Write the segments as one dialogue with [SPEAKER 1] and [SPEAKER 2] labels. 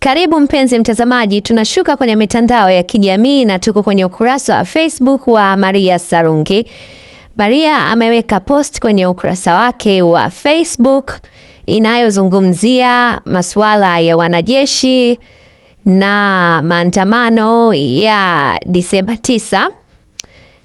[SPEAKER 1] Karibu mpenzi mtazamaji, tunashuka kwenye mitandao ya kijamii na tuko kwenye ukurasa wa Facebook wa Maria Sarungi. Maria ameweka post kwenye ukurasa wake wa Facebook inayozungumzia masuala ya wanajeshi na maandamano ya Disemba 9.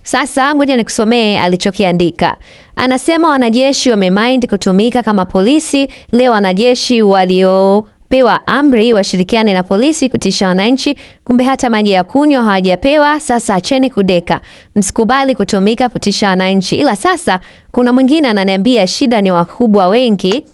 [SPEAKER 1] Sasa ngoja nikusomee alichokiandika. Anasema wanajeshi wamemind kutumika kama polisi. Leo wanajeshi walio wamepewa amri washirikiane na polisi kutisha wananchi, kumbe hata maji ya kunywa hawajapewa. Sasa acheni kudeka, msikubali kutumika kutisha wananchi. Ila sasa kuna mwingine ananiambia shida ni wakubwa wengi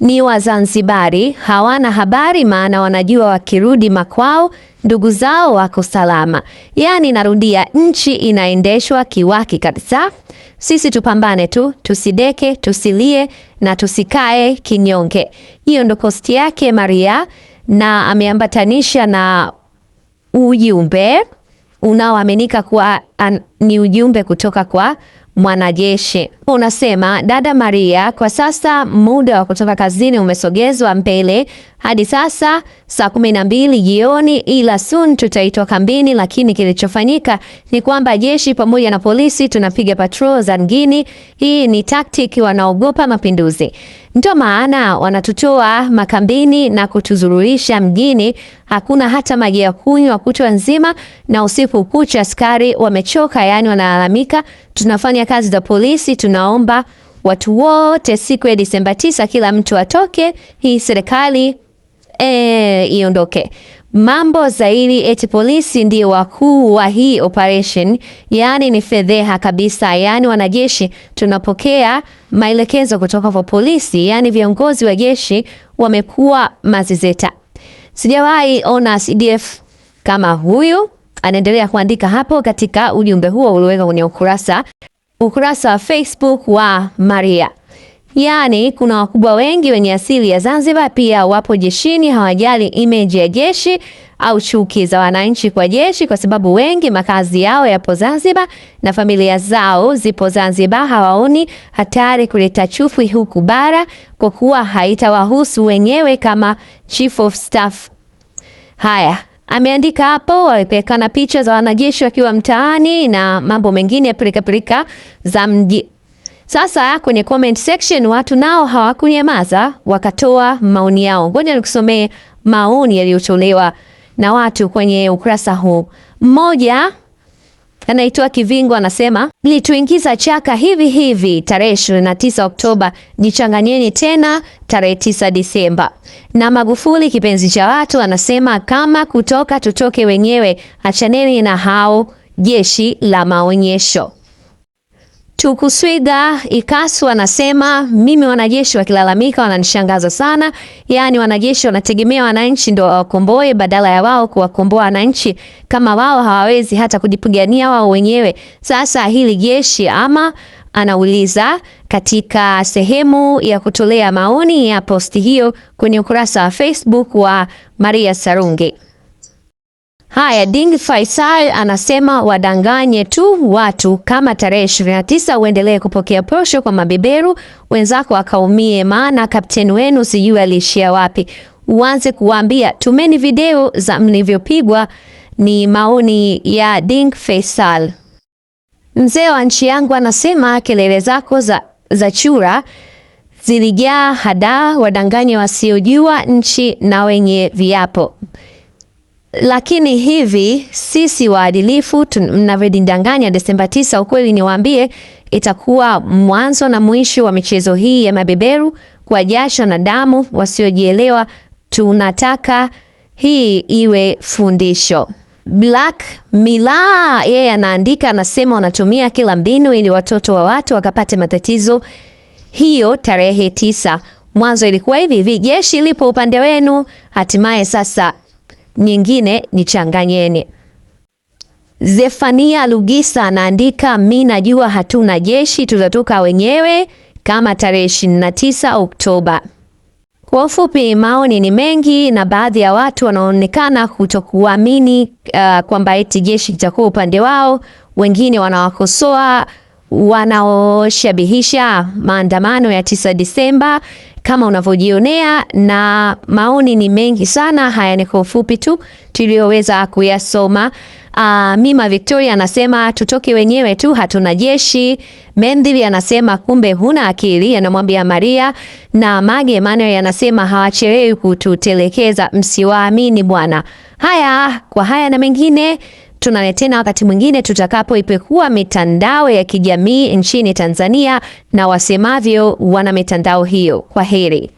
[SPEAKER 1] ni Wazanzibari hawana habari, maana wanajua wakirudi makwao ndugu zao wako salama. Yaani narudia, nchi inaendeshwa kiwaki kabisa. Sisi tupambane tu, tusideke, tusilie na tusikae kinyonge. Hiyo ndo kosti yake Maria, na ameambatanisha na ujumbe unaoaminika kuwa an, ni ujumbe kutoka kwa mwanajeshi unasema, dada Maria, kwa sasa muda wa kutoka kazini umesogezwa mbele hadi sasa saa kumi na mbili jioni, ila soon tutaitwa kambini. Lakini kilichofanyika ni kwamba jeshi pamoja na polisi tunapiga patrol za ngini. Hii ni tactic, wanaogopa mapinduzi, ndio maana wanatutoa makambini na kutuzururisha mjini. Hakuna hata maji ya kunywa kutwa nzima, na usiku kucha askari wame wamechoka, yani wanalalamika, tunafanya kazi za polisi, tunaomba watu wote siku ya Disemba tisa kila mtu atoke, hii serikali e, iondoke. Mambo zaidi eti polisi ndio wakuu wa hii operation, yani ni fedheha kabisa. Yani wanajeshi tunapokea maelekezo kutoka kwa polisi, yani viongozi wa jeshi wamekuwa mazizeta. Sijawahi ona CDF kama huyu. Anaendelea kuandika hapo katika ujumbe huo ulioweka kwenye ukurasa ukurasa wa Facebook wa Maria. Yaani, kuna wakubwa wengi wenye asili ya Zanzibar pia wapo jeshini, hawajali image ya jeshi au chuki za wananchi kwa jeshi, kwa sababu wengi makazi yao yapo Zanzibar na familia zao zipo Zanzibar. Hawaoni hatari kuleta chufi huku bara, kwa kuwa haitawahusu wenyewe kama chief of staff. Haya, ameandika hapo, amepelekana picha za wanajeshi wakiwa mtaani na mambo mengine ya pilikapilika za mji. Sasa kwenye comment section watu nao hawakunyamaza, wakatoa maoni yao. Ngoja nikusomee maoni yaliyotolewa na watu kwenye ukurasa huu. Mmoja anaitwa Kivingo anasema nilituingiza chaka hivi hivi tarehe 29 Oktoba, jichanganyeni tena tarehe 9 Disemba. Na Magufuli kipenzi cha watu anasema kama kutoka tutoke wenyewe, achaneni na hao jeshi la maonyesho. Tukuswiga Ikasu anasema mimi, wanajeshi wakilalamika wananishangaza sana, yaani wanajeshi wanategemea wananchi ndio wawakomboe badala ya wao kuwakomboa wananchi, kama wao hawawezi hata kujipigania wao wenyewe. Sasa hili jeshi ama anauliza katika sehemu ya kutolea maoni ya posti hiyo kwenye ukurasa wa Facebook wa Maria Sarungi. Haya, Ding Faisal anasema wadanganye tu watu kama tarehe 29 uendelee kupokea posho kwa mabeberu wenzako akaumie, maana kapteni wenu sijui aliishia wapi. Uanze kuwaambia tumeni video za mlivyopigwa. Ni maoni ya Ding Faisal. Mzee wa nchi yangu anasema kelele zako za, za chura zilijaa hadaa, wadanganye wasiojua nchi na wenye viapo lakini hivi sisi waadilifu mnavyodindanganya Desemba tisa, ukweli niwaambie, itakuwa mwanzo na mwisho wa michezo hii ya mabeberu kwa jasho na damu, wasiojielewa. Tunataka hii iwe fundisho. Black Mila yeye yeah, anaandika anasema, wanatumia kila mbinu ili watoto wa watu wakapate matatizo. Hiyo tarehe tisa mwanzo ilikuwa hivi hivi, jeshi lipo upande wenu, hatimaye sasa nyingine ni changanyeni Zefania Lugisa anaandika mi najua hatuna jeshi, tutatoka wenyewe kama tarehe 29 Oktoba. Kwa ufupi, maoni ni mengi na baadhi ya watu wanaonekana kutokuamini uh, kwamba eti jeshi litakuwa upande wao. Wengine wanawakosoa wanaoshabihisha maandamano ya 9 Disemba kama unavyojionea, na maoni ni mengi sana. Haya ni kwa ufupi tu tuliyoweza kuyasoma. Uh, Mima Victoria anasema tutoke wenyewe tu, hatuna jeshi. Mendili anasema kumbe huna akili, anamwambia Maria. Na Mage Emmanuel anasema hawachelewi kututelekeza, msiwaamini bwana. Haya, kwa haya na mengine Tunawe tena wakati mwingine tutakapoipekua mitandao ya kijamii nchini Tanzania na wasemavyo wana mitandao hiyo. Kwa heri.